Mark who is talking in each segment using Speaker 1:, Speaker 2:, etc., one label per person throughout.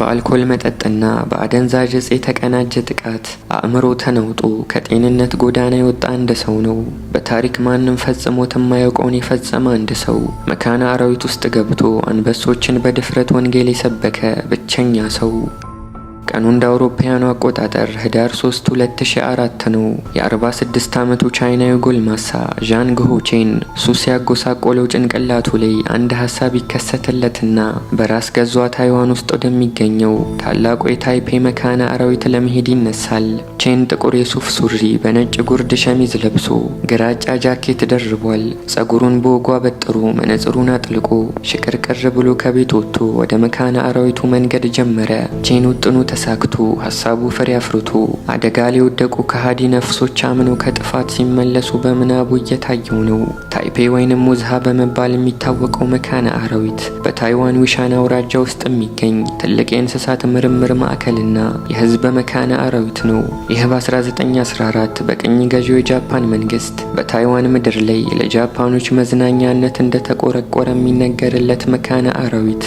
Speaker 1: በአልኮል መጠጥና በአደንዛዥ እጽ የተቀናጀ ጥቃት አእምሮ ተነውጦ ከጤንነት ጎዳና የወጣ አንድ ሰው ነው። በታሪክ ማንም ፈጽሞት የማያውቀውን የፈጸመ አንድ ሰው መካነ አራዊት ውስጥ ገብቶ አንበሶችን በድፍረት ወንጌል የሰበከ ብቸኛ ሰው ቀኑ እንደ አውሮፓውያኑ አቆጣጠር ህዳር 3 2004 ነው። የ46 ዓመቱ ቻይናዊ ጎልማሳ ዣን ሆቼን ሱስ ያጎሳቆለው ጭንቅላቱ ላይ አንድ ሀሳብ ይከሰተለትና በራስ ገዟ ታይዋን ውስጥ ወደሚገኘው ታላቁ የታይፔ መካነ አራዊት ለመሄድ ይነሳል። ቼን ጥቁር የሱፍ ሱሪ በነጭ ጉርድ ሸሚዝ ለብሶ ግራጫ ጃኬት ደርቧል። ጸጉሩን በወጉ አበጥሮ መነጽሩን አጥልቆ ሽቅርቅር ብሎ ከቤት ወጥቶ ወደ መካነ አራዊቱ መንገድ ጀመረ። ቼን ውጥኑ ተሳክቶ ሀሳቡ ፍሬ አፍርቶ አደጋ ሊወደቁ ከሃዲ ነፍሶች አምነው ከጥፋት ሲመለሱ በምናቡ እየታየው ነው። ታይፔ ወይንም ሙዝሃ በመባል የሚታወቀው መካነ አራዊት በታይዋን ዊሻን አውራጃ ውስጥ የሚገኝ ትልቅ የእንስሳት ምርምር ማዕከልና የህዝብ መካነ አራዊት ነው። ይህ በ1914 በቅኝ ገዢው የጃፓን መንግስት በታይዋን ምድር ላይ ለጃፓኖች መዝናኛነት እንደተቆረቆረ የሚነገርለት መካነ አራዊት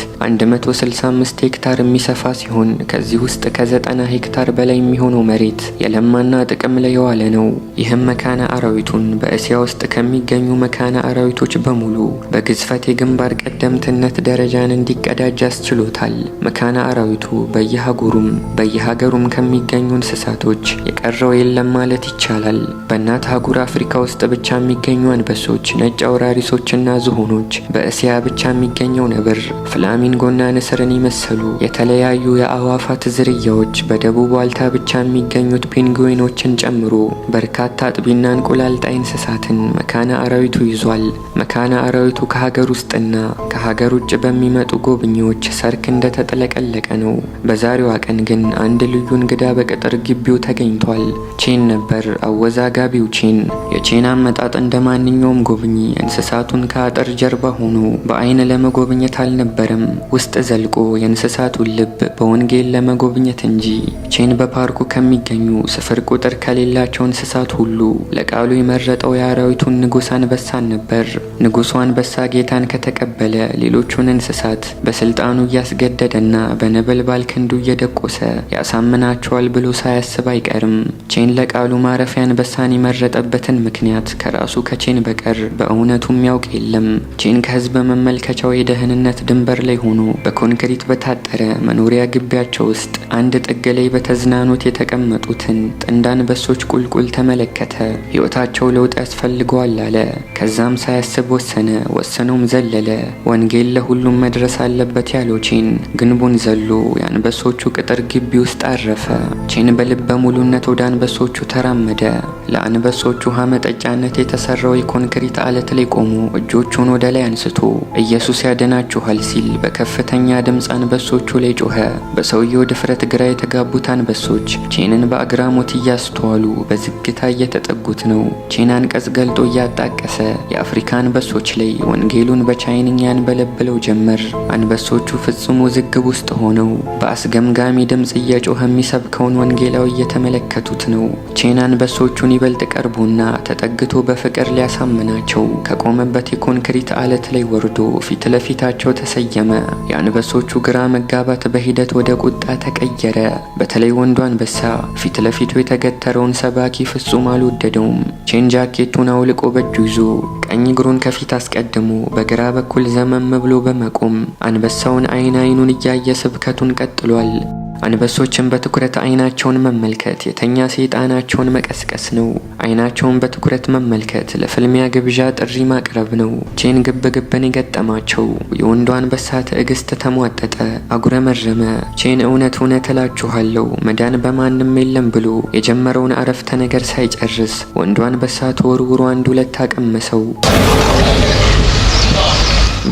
Speaker 1: 165 ሄክታር የሚሰፋ ሲሆን ከዚህ ውስጥ ውስጥ ከዘጠና ሄክታር በላይ የሚሆነው መሬት የለማና ጥቅም ላይ የዋለ ነው። ይህም መካነ አራዊቱን በእስያ ውስጥ ከሚገኙ መካነ አራዊቶች በሙሉ በግዝፈት የግንባር ቀደምትነት ደረጃን እንዲቀዳጅ አስችሎታል። መካነ አራዊቱ በየሀጉሩም በየሀገሩም ከሚገኙ እንስሳቶች የቀረው የለም ማለት ይቻላል። በእናት ሀጉር አፍሪካ ውስጥ ብቻ የሚገኙ አንበሶች፣ ነጭ አውራሪሶችና ዝሆኖች፣ በእስያ ብቻ የሚገኘው ነብር፣ ፍላሚንጎና ንስርን የመሰሉ የተለያዩ የአእዋፋት ዝርያዎች በደቡብ ዋልታ ብቻ የሚገኙት ፔንግዊኖችን ጨምሮ በርካታ አጥቢና እንቁላል ጣይ እንስሳትን መካነ አራዊቱ ይዟል። መካነ አራዊቱ ከሀገር ውስጥና ከሀገር ውጭ በሚመጡ ጎብኚዎች ሰርክ እንደተጠለቀለቀ ነው። በዛሬዋ ቀን ግን አንድ ልዩ እንግዳ በቅጥር ግቢው ተገኝቷል። ቼን ነበር፣ አወዛጋቢው ቼን። የቼን አመጣጥ እንደ ማንኛውም ጎብኚ እንስሳቱን ከአጥር ጀርባ ሆኖ በአይን ለመጎብኘት አልነበረም፣ ውስጥ ዘልቆ የእንስሳቱን ልብ በወንጌል ለመጎብ መጎብኘት እንጂ ቼን በፓርኩ ከሚገኙ ስፍር ቁጥር ከሌላቸው እንስሳት ሁሉ ለቃሉ የመረጠው የአራዊቱን ንጉሥ አንበሳን ነበር። ንጉሡ አንበሳ ጌታን ከተቀበለ ሌሎቹን እንስሳት በስልጣኑ እያስገደደና በነበልባል ክንዱ እየደቆሰ ያሳምናቸዋል ብሎ ሳያስብ አይቀርም። ቼን ለቃሉ ማረፊያ አንበሳን የመረጠበትን ምክንያት ከራሱ ከቼን በቀር በእውነቱ የሚያውቅ የለም። ቼን ከህዝብ መመልከቻው የደህንነት ድንበር ላይ ሆኖ በኮንክሪት በታጠረ መኖሪያ ግቢያቸው ውስጥ አንድ ጥግ ላይ በተዝናኖት የተቀመጡትን ጥንድ አንበሶች ቁልቁል ተመለከተ። ሕይወታቸው ለውጥ ያስፈልገዋል አለ። ከዛም ሳያስብ ወሰነ፣ ወሰነውም ዘለለ። ወንጌል ለሁሉም መድረስ አለበት ያለው ቼን ግንቡን ዘሎ የአንበሶቹ ቅጥር ግቢ ውስጥ አረፈ። ቼን በልበ ሙሉነት ወደ አንበሶቹ ተራመደ። ለአንበሶቹ ውሃ መጠጫነት የተሰራው የኮንክሪት አለት ላይ ቆሞ እጆቹን ወደ ላይ አንስቶ ኢየሱስ ያድናችኋል ሲል በከፍተኛ ድምፅ አንበሶቹ ላይ ጮኸ። በሰውየው ድፍረት ግራ የተጋቡት አንበሶች ቼንን በአግራሞት እያስተዋሉ በዝግታ እየተጠጉት ነው። ቼን አንቀጽ ገልጦ እያጣቀሰ የአፍሪካ አንበሶች ላይ ወንጌሉን በቻይንኛ ያንበለብለው ጀመር። አንበሶቹ ፍጹም ውዝግብ ውስጥ ሆነው በአስገምጋሚ ድምፅ እየጮኸ የሚሰብከውን ወንጌላዊ እየተመለከቱት ነው። ቼን አንበሶቹን ይበልጥ ቀርቦና ተጠግቶ በፍቅር ሊያሳምናቸው ከቆመበት የኮንክሪት አለት ላይ ወርዶ ፊት ለፊታቸው ተሰየመ። የአንበሶቹ ግራ መጋባት በሂደት ወደ ቁጣ ተቀ ተቀየረ። በተለይ ወንዱ አንበሳ ፊት ለፊቱ የተገተረውን ሰባኪ ፍጹም አልወደደውም። ቼን ጃኬቱን አውልቆ በእጁ ይዞ ቀኝ እግሩን ከፊት አስቀድሞ በግራ በኩል ዘመም ብሎ በመቆም አንበሳውን አይን አይኑን እያየ ስብከቱን ቀጥሏል። አንበሶችን በትኩረት አይናቸውን መመልከት የተኛ ሰይጣናቸውን መቀስቀስ ነው። አይናቸውን በትኩረት መመልከት ለፍልሚያ ግብዣ ጥሪ ማቅረብ ነው። ቼን ግብ ግብን የገጠማቸው የወንዱ አንበሳ ትዕግስት ተሟጠጠ፣ አጉረመረመ። ቼን እውነት እውነት እላችኋለሁ መዳን በማንም የለም ብሎ የጀመረውን አረፍተ ነገር ሳይጨርስ ወንዱ አንበሳ ተወርውሮ አንድ ሁለት አቀመሰው።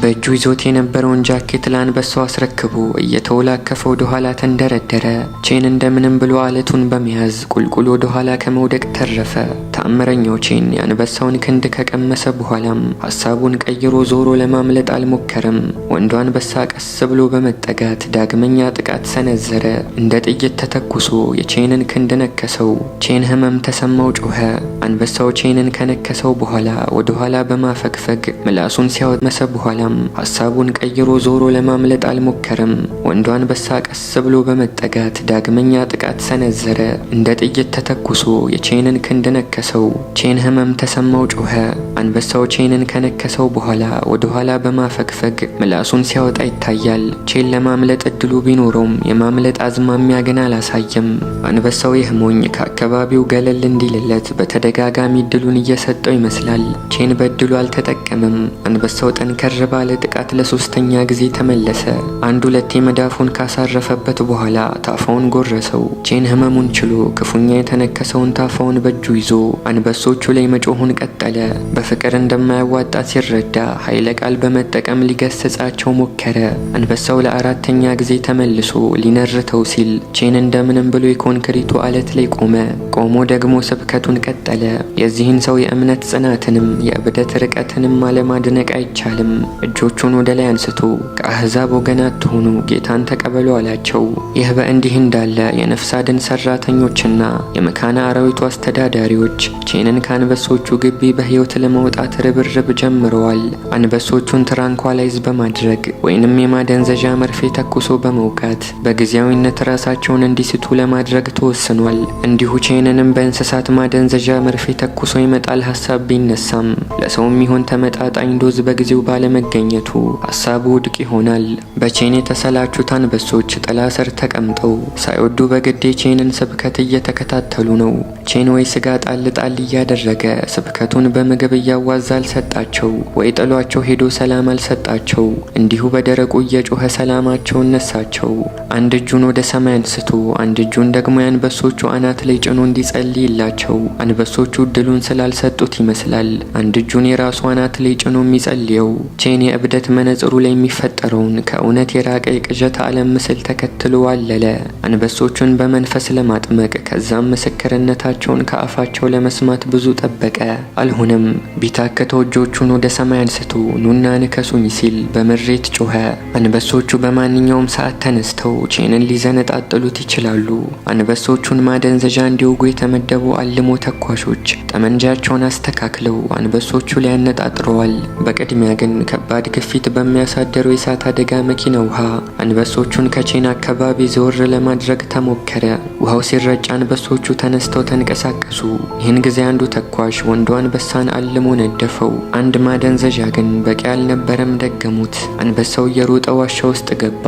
Speaker 1: በእጁ ይዞት የነበረውን ጃኬት ለአንበሳው አስረክቦ እየተወላከፈ ወደ ኋላ ተንደረደረ። ቼን እንደምንም ብሎ አለቱን በመያዝ ቁልቁል ወደ ኋላ ከመውደቅ ተረፈ። ተአምረኛው ቼን የአንበሳውን ክንድ ከቀመሰ በኋላም ሀሳቡን ቀይሮ ዞሮ ለማምለጥ አልሞከርም ወንዱ አንበሳ ቀስ ብሎ በመጠጋት ዳግመኛ ጥቃት ሰነዘረ። እንደ ጥይት ተተኩሶ የቼንን ክንድ ነከሰው። ቼን ህመም ተሰማው፣ ጮኸ። አንበሳው ቼንን ከነከሰው በኋላ ወደ ኋላ በማፈግፈግ ምላሱን ሲያወመሰ በኋላ አልቻለም። ሀሳቡን ቀይሮ ዞሮ ለማምለጥ አልሞከረም። ወንዱ አንበሳ ቀስ ብሎ በመጠጋት ዳግመኛ ጥቃት ሰነዘረ። እንደ ጥይት ተተኩሶ የቼንን ክንድ ነከሰው። ቼን ህመም ተሰማው፣ ጮኸ። አንበሳው ቼንን ከነከሰው በኋላ ወደ ኋላ በማፈግፈግ ምላሱን ሲያወጣ ይታያል። ቼን ለማምለጥ እድሉ ቢኖረውም የማምለጥ አዝማሚያ ግን አላሳየም። አንበሳው ይህ ሞኝ ከአካባቢው ገለል እንዲልለት በተደጋጋሚ እድሉን እየሰጠው ይመስላል። ቼን በእድሉ አልተጠቀምም። አንበሳው ጠንከር ባለ ጥቃት ለሶስተኛ ጊዜ ተመለሰ። አንድ ሁለቴ መዳፉን ካሳረፈበት በኋላ ታፋውን ጎረሰው። ቼን ህመሙን ችሎ ክፉኛ የተነከሰውን ታፋውን በእጁ ይዞ አንበሶቹ ላይ መጮሁን ቀጠለ። በፍቅር እንደማያዋጣ ሲረዳ ኃይለ ቃል በመጠቀም ሊገሰጻቸው ሞከረ። አንበሳው ለአራተኛ ጊዜ ተመልሶ ሊነርተው ሲል ቼን እንደምንም ብሎ የኮንክሪቱ አለት ላይ ቆመ። ቆሞ ደግሞ ስብከቱን ቀጠለ። የዚህን ሰው የእምነት ጽናትንም የእብደት ርቀትንም አለማድነቅ አይቻልም። እጆቹን ወደ ላይ አንስቶ ከአሕዛብ ወገን አትሆኑ ጌታን ተቀበሉ አላቸው። ይህ በእንዲህ እንዳለ የነፍስ አድን ሰራተኞችና የመካነ አራዊቱ አስተዳዳሪዎች ቼንን ከአንበሶቹ ግቢ በሕይወት ለመውጣት ርብርብ ጀምረዋል። አንበሶቹን ትራንኳላይዝ በማድረግ ወይንም የማደንዘዣ መርፌ ተኩሶ በመውጋት በጊዜያዊነት ራሳቸውን እንዲስቱ ለማድረግ ተወስኗል። እንዲሁ ቼንንም በእንስሳት ማደንዘዣ መርፌ ተኩሶ ይመጣል ሀሳብ ቢነሳም ለሰውም ይሆን ተመጣጣኝ ዶዝ በጊዜው ባለመገ መገኘቱ ሀሳቡ ውድቅ ይሆናል። በቼን የተሰላቹት አንበሶች ጥላ ስር ተቀምጠው ሳይወዱ በግዴ የቼንን ስብከት እየተከታተሉ ነው። ቼን ወይ ስጋ ጣል ጣል እያደረገ ስብከቱን በምግብ እያዋዛ አልሰጣቸው፣ ወይ ጥሏቸው ሄዶ ሰላም አልሰጣቸው። እንዲሁ በደረቁ እየጮኸ ሰላማቸውን ነሳቸው። አንድ እጁን ወደ ሰማይ አንስቶ አንድ እጁን ደግሞ የአንበሶቹ አናት ላይ ጭኖ እንዲጸልይላቸው አንበሶቹ እድሉን ስላልሰጡት ይመስላል አንድ እጁን የራሱ አናት ላይ ጭኖ የሚጸልየው። ሁሴን የእብደት መነጽሩ ላይ የሚፈጠረውን ከእውነት የራቀ የቅዠት ዓለም ምስል ተከትሎ አለለ። አንበሶቹን በመንፈስ ለማጥመቅ ከዛም ምስክርነታቸውን ከአፋቸው ለመስማት ብዙ ጠበቀ። አልሆነም። ቢታክተው እጆቹን ወደ ሰማይ አንስቶ ኑና ንከሱኝ ሲል በምሬት ጮኸ። አንበሶቹ በማንኛውም ሰዓት ተነስተው ቼንን ሊዘነጣጥሉት ይችላሉ። አንበሶቹን ማደንዘዣ እንዲውጉ የተመደቡ አልሞ ተኳሾች ጠመንጃቸውን አስተካክለው አንበሶቹ ላይ በቅድሚያ ግን ከባድ ግፊት በሚያሳደረው የእሳት አደጋ መኪና ውሃ አንበሶቹን ከቼን አካባቢ ዘወር ለማድረግ ተሞከረ። ውሃው ሲረጭ አንበሶቹ ተነስተው ተንቀሳቀሱ። ይህን ጊዜ አንዱ ተኳሽ ወንዱ አንበሳን አልሞ ነደፈው። አንድ ማደንዘዣ ግን በቂ አልነበረም፣ ደገሙት። አንበሳው እየሮጠ ዋሻ ውስጥ ገባ።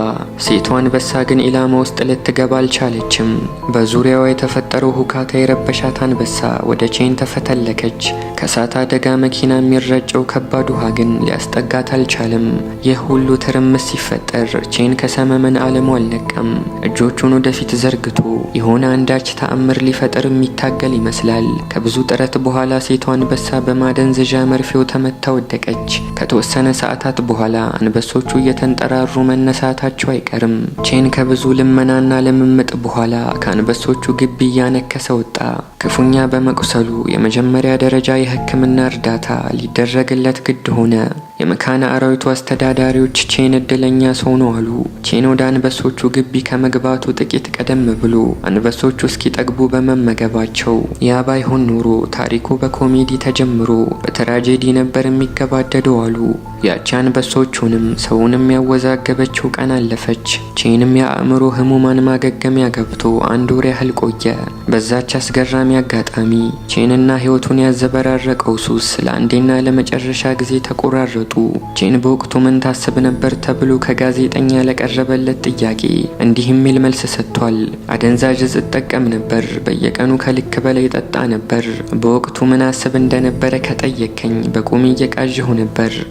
Speaker 1: ሴቱ አንበሳ ግን ኢላማ ውስጥ ልትገባ አልቻለችም። በዙሪያዋ የተፈጠረው ሁካታ የረበሻት አንበሳ ወደ ቼን ተፈተለከች። ከእሳት አደጋ መኪና የሚረጨው ከባድ ውሃ ግን ሊያስጠጋት መውጣት አልቻለም። ይህ ሁሉ ትርምስ ሲፈጠር ቼን ከሰመመን አለሙ አልነቃም። እጆቹን ወደፊት ዘርግቶ የሆነ አንዳች ተአምር ሊፈጥር የሚታገል ይመስላል። ከብዙ ጥረት በኋላ ሴቷ አንበሳ በማደንዘዣ መርፌው ተመታ ወደቀች። ከተወሰነ ሰዓታት በኋላ አንበሶቹ እየተንጠራሩ መነሳታቸው አይቀርም። ቼን ከብዙ ልመናና ልምምጥ በኋላ ከአንበሶቹ ግቢ እያነከሰ ወጣ። ክፉኛ በመቁሰሉ የመጀመሪያ ደረጃ የሕክምና እርዳታ ሊደረግለት ግድ ሆነ። የመካነ አራዊቱ አስተዳዳሪዎች ቼን እድለኛ ሰው ነው አሉ። ቼን ወደ አንበሶቹ ግቢ ከመግባቱ ጥቂት ቀደም ብሎ አንበሶቹ እስኪጠግቡ በመመገባቸው ያ ባይሆን ኖሮ ታሪኩ በኮሜዲ ተጀምሮ በትራጄዲ ነበር የሚገባደደው አሉ። ያቺ አንበሶቹንም ሰውንም ያወዛገበችው ቀን አለፈች። ቼንም የአእምሮ ህሙማን ማገገሚያ ገብቶ አንድ ወር ያህል ቆየ። በዛች አስገራሚ አጋጣሚ ቼንና ህይወቱን ያዘበራረቀው ሱስ ለአንዴና ለመጨረሻ ጊዜ ተቆራረ ሲወጡ ጄን በወቅቱ ምን ታስብ ነበር ተብሎ ከጋዜጠኛ ለቀረበለት ጥያቄ እንዲህ የሚል መልስ ሰጥቷል። አደንዛዥ እጽ እጠቀም ነበር፣ በየቀኑ ከልክ በላይ ጠጣ ነበር። በወቅቱ ምን አስብ እንደነበረ ከጠየከኝ በቁሜ እየቃዥሁ ነበር።